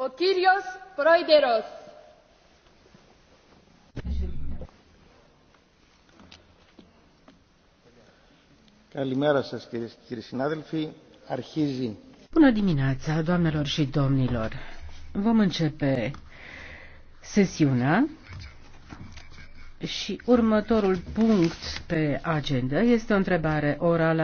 Ο Proideros. Καλημέρα σας κύριε, κύριοι συνάδελφοι. Αρχίζει. Bună dimineața, doamnelor și domnilor. Vom începe sesiunea și următorul punct pe agenda este o întrebare orală